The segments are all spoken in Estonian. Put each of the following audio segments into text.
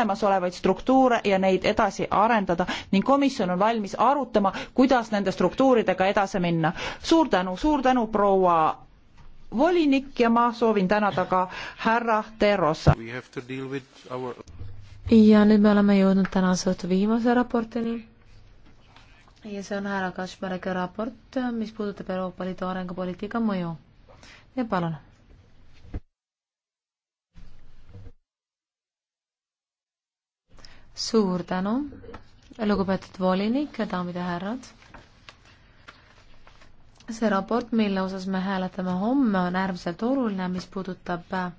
olemasolevaid struktuure ja neid edasi arendada ning komisjon on valmis arutama, kuidas nende struktuuridega edasi minna. suur tänu, suur tänu, proua volinik ja ma soovin tänada ka härra Terrosa. Our... ja nüüd me oleme jõudnud tänase õhtu viimase raportini ja see on härra Kašmerega raport, mis puudutab Euroopa Liidu arengupoliitika mõju. ja palun suur tänu, lugupeetud volinik ja daamid ja härrad. see raport, mille osas me hääletame homme, on äärmiselt oluline, mis puudutab äh,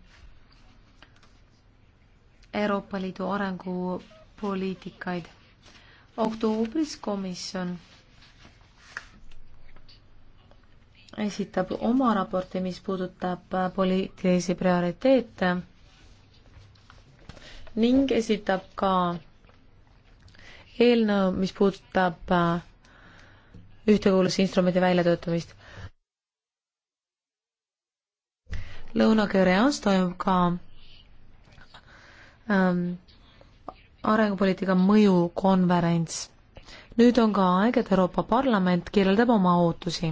Euroopa Liidu arengupoliitikaid. oktoobris komisjon esitab oma raporti, mis puudutab äh, poliitilisi prioriteete ning esitab ka eelnõu, mis puudutab äh, ühtekuuluvusinstrumendi väljatöötamist. Lõuna-Koreas toimub ka ähm, arengupoliitika mõjukonverents. nüüd on ka aeg, et Euroopa Parlament kirjeldab oma ootusi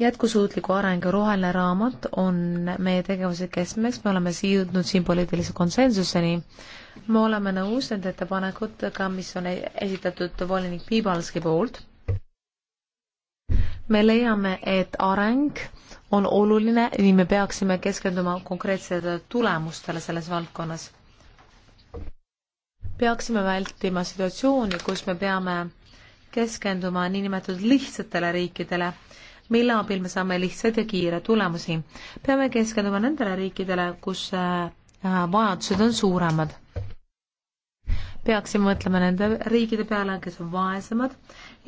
jätkusuutliku arengu roheline raamat on meie tegevuse keskmeks, me oleme sii-, jõudnud siin poliitilise konsensuseni. me oleme nõus nende ettepanekutega, mis on esitatud volinik Piibalski poolt. me leiame, et areng on oluline ning me peaksime keskenduma konkreetsetele tulemustele selles valdkonnas. peaksime vältima situatsiooni, kus me peame keskenduma niinimetatud lihtsatele riikidele mille abil me saame lihtsaid ja kiire tulemusi. peame keskenduma nendele riikidele, kus äh, äh, vajadused on suuremad. peaksime mõtlema nende riikide peale, kes on vaesemad,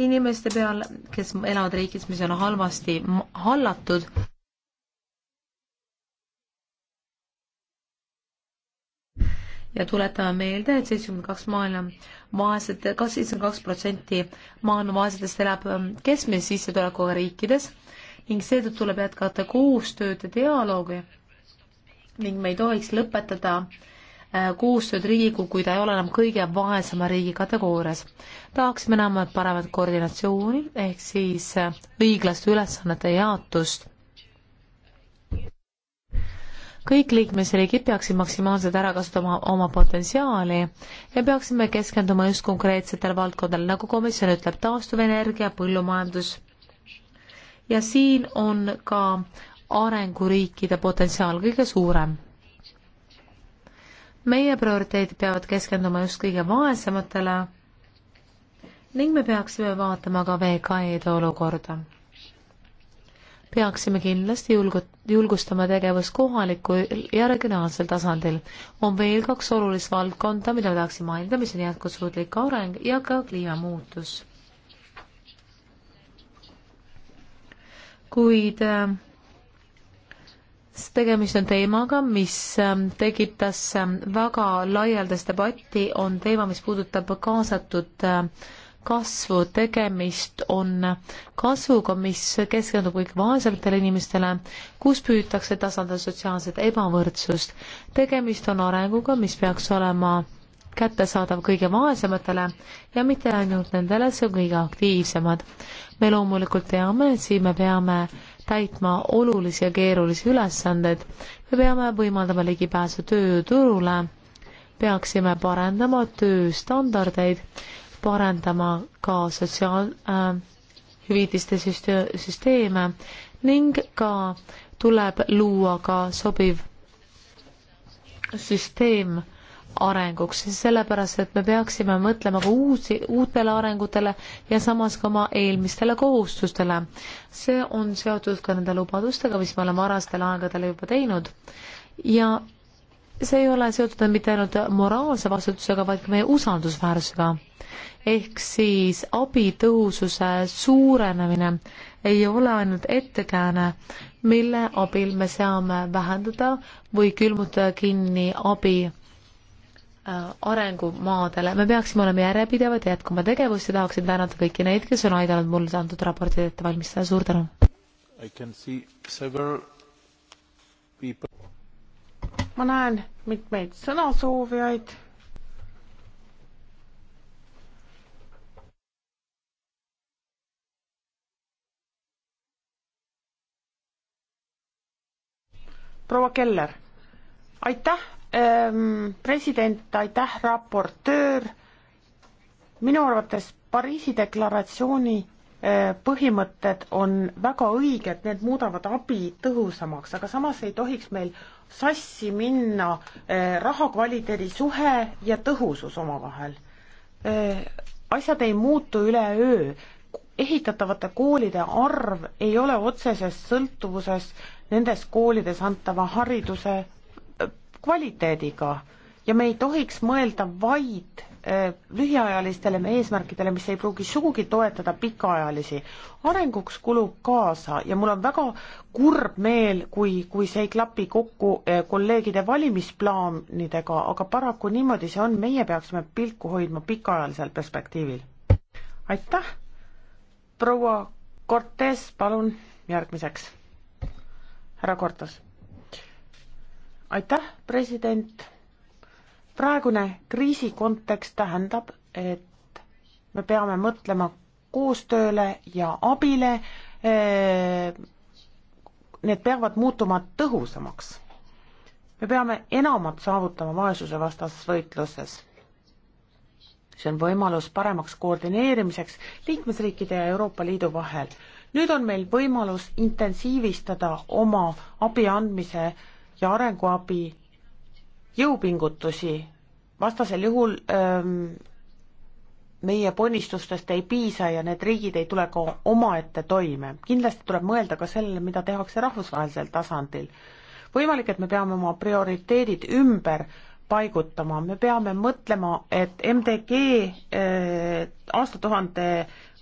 inimeste peale, kes elavad riigis, mis on halvasti hallatud ja tuletame meelde, et seitsekümmend kaks maailma vaesed, kas seitsekümmend kaks protsenti maailma vaesedest elab ähm, keskmise sissetulekuga riikides ning seetõttu tuleb jätkata koostööd ja dialoogi ning me ei tohiks lõpetada äh, koostööd riigiga, kui ta ei ole enam kõige vaesema riigi kategoorias. tahaksime näha paremat koordinatsiooni ehk siis äh, õiglaste ülesannete jaotust kõik liikmesriigid peaksid maksimaalselt ära kasutama oma potentsiaali ja peaksime keskenduma just konkreetsetel valdkondadel, nagu komisjon ütleb, taastuvenergia, põllumajandus. ja siin on ka arenguriikide potentsiaal kõige suurem. meie prioriteedid peavad keskenduma just kõige vaesematele ning me peaksime vaatama ka VKE-de olukorda peaksime kindlasti julgut-, julgustama tegevust kohalikul ja regionaalsel tasandil. on veel kaks olulist valdkonda, mida tahaksin mainida, mis on jätkusuutlik areng ja ka kliimamuutus. kuid äh, tegemist on teemaga, mis ähm, tekitas ähm, väga laialdast debatti, on teema, mis puudutab kaasatud äh, kasvu, tegemist on kasvuga, mis keskendub kõik vaesematele inimestele, kus püütakse tasandada sotsiaalset ebavõrdsust. tegemist on arenguga, mis peaks olema kättesaadav kõige vaesematele ja mitte ainult nendele, see on kõige aktiivsemad. me loomulikult teame, et siin me peame täitma olulisi ja keerulisi ülesandeid. me peame võimaldama ligipääsu tööturule, peaksime parendama tööstandardeid parandama ka sotsiaalhüvitiste äh, süsteeme ning ka tuleb luua ka sobiv süsteem arenguks, sellepärast et me peaksime mõtlema ka uusi, uutele arengutele ja samas ka oma eelmistele kohustustele. see on seotud ka nende lubadustega, mis me oleme varastel aegadel juba teinud ja see ei ole seotud mitte ainult moraalse vastutusega, vaid ka meie usaldusväärsusega. ehk siis abi tõhususe suurenemine ei ole ainult ettekääne, mille abil me saame vähendada või külmutada kinni abi äh, arengumaadele, me peaksime olema järjepidevad ja jätkama tegevust ja tahaksin tänada kõiki neid, kes on aidanud mul antud raportit ette valmistada, suur tänu! ma näen mitmeid sõnasoovijaid. proua Keller, aitäh ähm,, president, aitäh, raportöör. minu arvates Pariisi deklaratsiooni Äh, põhimõtted on väga õiged, need muudavad abi tõhusamaks, aga samas ei tohiks meil sassi minna äh, raha kvaliteedi suhe ja tõhusus omavahel. Äh, asjad ei muutu üleöö, ehitatavate koolide arv ei ole otseses sõltuvuses nendes koolides antava hariduse kvaliteediga ja me ei tohiks mõelda vaid äh, lühiajalistele eesmärkidele, mis ei pruugi sugugi toetada pikaajalisi. arenguks kulub kaasa ja mul on väga kurb meel, kui, kui see ei klapi kokku äh, kolleegide valimisplaanidega, aga paraku niimoodi see on, meie peaksime pilku hoidma pikaajalisel perspektiivil. aitäh, proua Cortes, palun järgmiseks. härra Cortes. aitäh, president praegune kriisi kontekst tähendab, et me peame mõtlema koostööle ja abile. Eh, need peavad muutuma tõhusamaks. me peame enamat saavutama vaesusevastases võitluses. see on võimalus paremaks koordineerimiseks liikmesriikide ja Euroopa Liidu vahel. nüüd on meil võimalus intensiivistada oma abi andmise ja arenguabi jõupingutusi, vastasel juhul ähm, meie ponnistustest ei piisa ja need riigid ei tule ka omaette toime. kindlasti tuleb mõelda ka sellele, mida tehakse rahvusvahelisel tasandil. võimalik, et me peame oma prioriteedid ümber paigutama, me peame mõtlema, et MDG äh, aastatuhande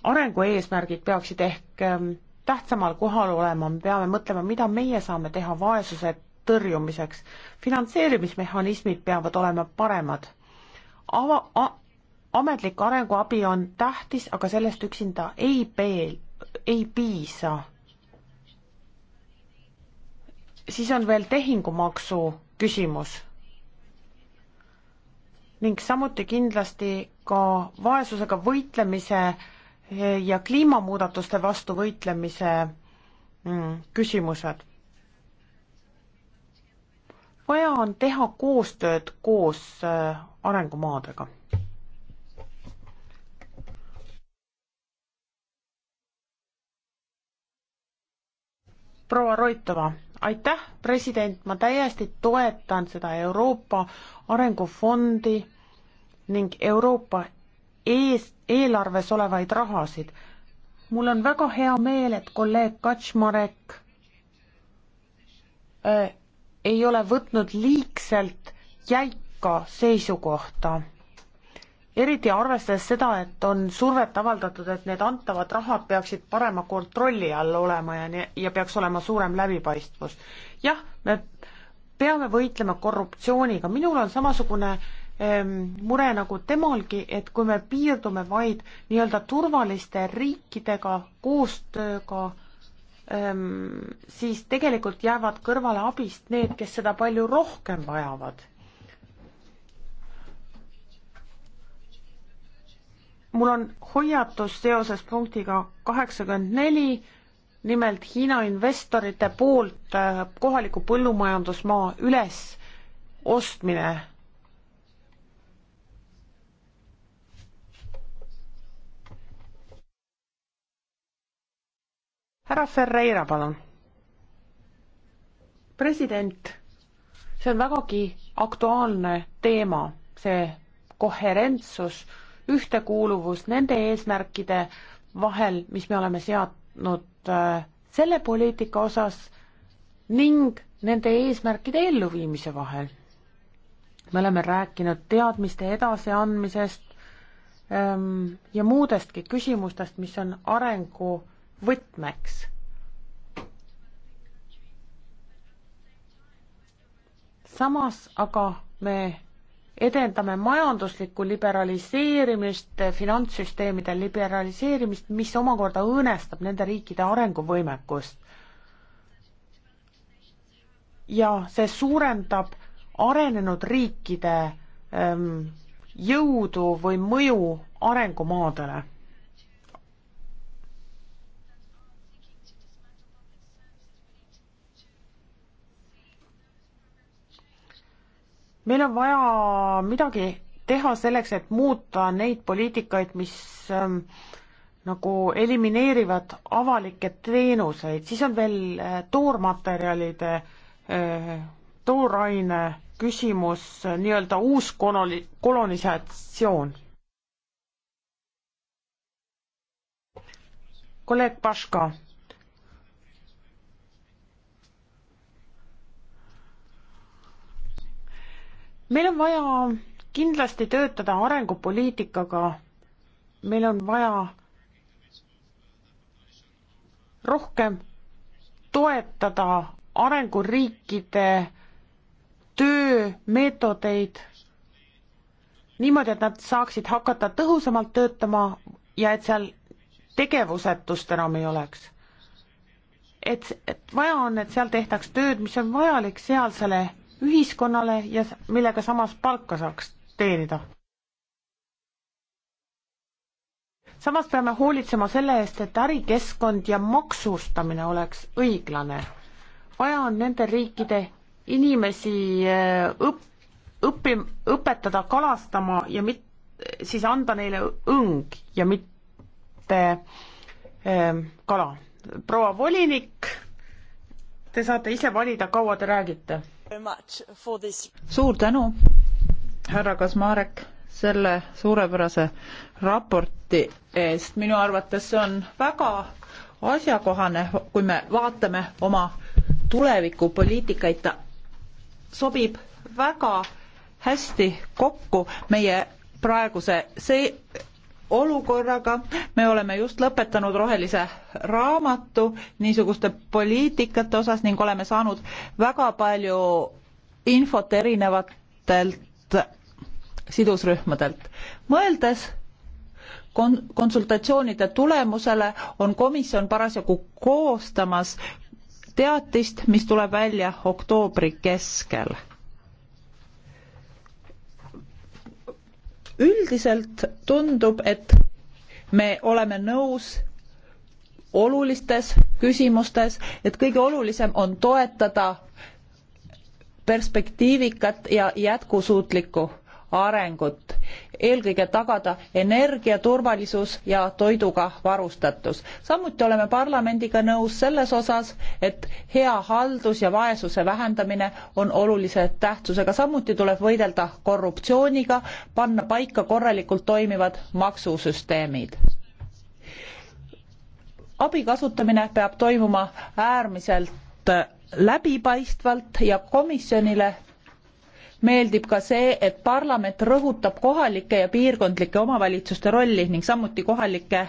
arengueesmärgid peaksid ehk äh, tähtsamal kohal olema, me peame mõtlema, mida meie saame teha vaesuse tõrjumiseks. finantseerimismehhanismid peavad olema paremad. ava-, ametlik arenguabi on tähtis, aga sellest üksinda ei peel-, ei piisa. siis on veel tehingumaksu küsimus. ning samuti kindlasti ka vaesusega võitlemise eh, ja kliimamuudatuste vastu võitlemise mm, küsimused vaja on teha koostööd koos äh, arengumaadega. proua Roitova, aitäh, president, ma täiesti toetan seda Euroopa Arengufondi ning Euroopa ees, eelarves olevaid rahasid. mul on väga hea meel, et kolleeg Kaczmarek äh, ei ole võtnud liigselt jäika seisukohta. eriti arvestades seda, et on survet avaldatud, et need antavad rahad peaksid parema kontrolli all olema ja nii, ja peaks olema suurem läbipaistvus. jah, me peame võitlema korruptsiooniga, minul on samasugune ehm, mure nagu temalgi, et kui me piirdume vaid nii-öelda turvaliste riikidega koostööga, Ehm, siis tegelikult jäävad kõrvale abist need, kes seda palju rohkem vajavad. mul on hoiatus seoses punktiga kaheksakümmend neli, nimelt Hiina investorite poolt äh, kohaliku põllumajandusmaa üles ostmine härra Ferreira, palun. president, see on vägagi aktuaalne teema, see koherentsus, ühtekuuluvus nende eesmärkide vahel, mis me oleme seadnud äh, selle poliitika osas ning nende eesmärkide elluviimise vahel. me oleme rääkinud teadmiste edasiandmisest ähm, ja muudestki küsimustest, mis on arengu võtmeks. samas aga me edendame majanduslikku liberaliseerimist, finantssüsteemide liberaliseerimist, mis omakorda õõnestab nende riikide arenguvõimekust. ja see suurendab arenenud riikide ähm, jõudu või mõju arengumaadele meil on vaja midagi teha selleks, et muuta neid poliitikaid, mis ähm, nagu elimineerivad avalikke teenuseid, siis on veel äh, toormaterjalide äh,, tooraine küsimus, äh, nii-öelda uus koloni-, kolonisatsioon. kolleeg Paška meil on vaja kindlasti töötada arengupoliitikaga, meil on vaja rohkem toetada arenguriikide töömeetodeid niimoodi, et nad saaksid hakata tõhusamalt töötama ja et seal tegevusetust enam ei oleks. et, et vaja on, et seal tehtaks tööd, mis on vajalik sealsele ühiskonnale ja millega samas palka saaks teenida. samas peame hoolitsema selle eest, et ärikeskkond ja maksustamine oleks õiglane. vaja on nende riikide inimesi eh, õppida õpi, õpetada kalastama ja mit-, siis anda neile õng ja mitte ähm, kala. proua volinik, te saate ise valida, kaua te räägite suur tänu, härra Kasmarek, selle suurepärase raporti eest. minu arvates see on väga asjakohane, kui me vaatame oma tulevikupoliitikaid, ta sobib väga hästi kokku meie praeguse see olukorraga, me oleme just lõpetanud rohelise raamatu niisuguste poliitikate osas ning oleme saanud väga palju infot erinevatelt sidusrühmadelt. mõeldes kon-, konsultatsioonide tulemusele on komisjon parasjagu koostamas teatist, mis tuleb välja oktoobri keskel üldiselt tundub, et me oleme nõus olulistes küsimustes, et kõige olulisem on toetada perspektiivikat ja jätkusuutlikku arengut, eelkõige tagada energiaturvalisus ja toiduga varustatus. samuti oleme parlamendiga nõus selles osas, et hea haldus ja vaesuse vähendamine on olulise tähtsusega, samuti tuleb võidelda korruptsiooniga, panna paika korralikult toimivad maksusüsteemid abi kasutamine peab toimuma äärmiselt läbipaistvalt ja komisjonile meeldib ka see, et parlament rõhutab kohalike ja piirkondlike omavalitsuste rolli ning samuti kohalike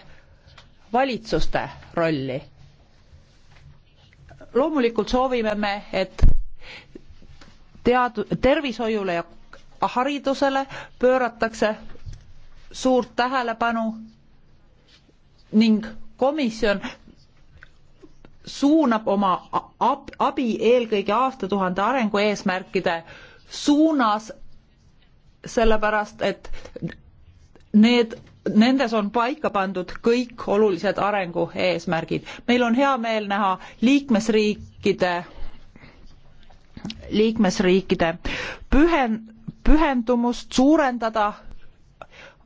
valitsuste rolli. loomulikult soovime me, et tead-, tervishoiule ja haridusele pööratakse suurt tähelepanu ning komisjon suunab oma ab, abi eelkõige aastatuhande arengu eesmärkide suunas, sellepärast et need, nendes on paika pandud kõik olulised arengu eesmärgid. meil on hea meel näha liikmesriikide, liikmesriikide pühen-, pühendumust suurendada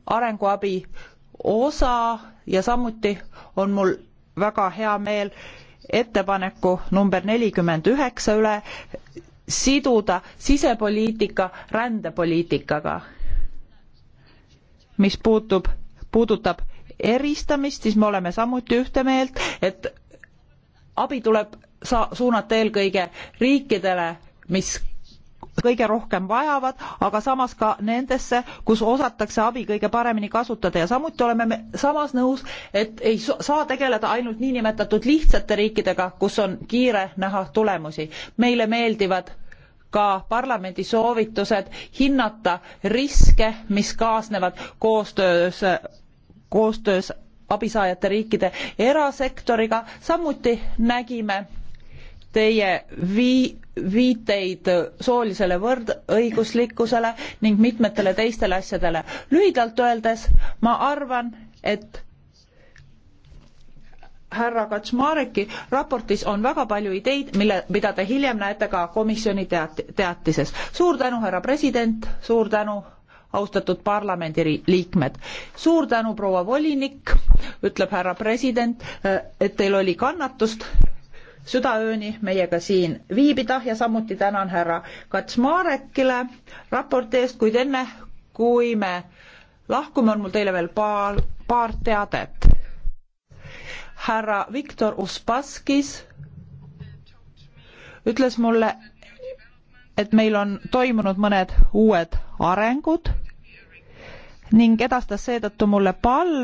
arenguabi osa ja samuti on mul väga hea meel ettepaneku number nelikümmend üheksa üle siduda sisepoliitika rändepoliitikaga. mis puutub, puudutab eristamist, siis me oleme samuti ühte meelt, et abi tuleb sa-, suunata eelkõige riikidele, mis kõige rohkem vajavad, aga samas ka nendesse, kus osatakse abi kõige paremini kasutada ja samuti oleme me samas nõus, et ei saa tegeleda ainult niinimetatud lihtsate riikidega, kus on kiire näha tulemusi. meile meeldivad ka parlamendi soovitused hinnata riske mis kaasnevad koostöös koostöös abisaajate riikide erasektoriga samuti nägime teie vii- viiteid soolisele võrdõiguslikkusele ning mitmetele teistele asjadele. lühidalt öeldes ma arvan et härra Kaczmareki raportis on väga palju ideid, mille, mida te hiljem näete ka komisjoni teat-, teatises. suur tänu, härra president, suur tänu, austatud parlamendiliikmed. suur tänu, proua volinik, ütleb härra president, eh, et teil oli kannatust südaööni meiega siin viibida ja samuti tänan härra Kaczmarekile raporti eest, kuid enne kui me lahkume, on mul teile veel paar, paar teadet härra Viktor Uspaskis ütles mulle, et meil on toimunud mõned uued arengud ning edastas seetõttu mulle palve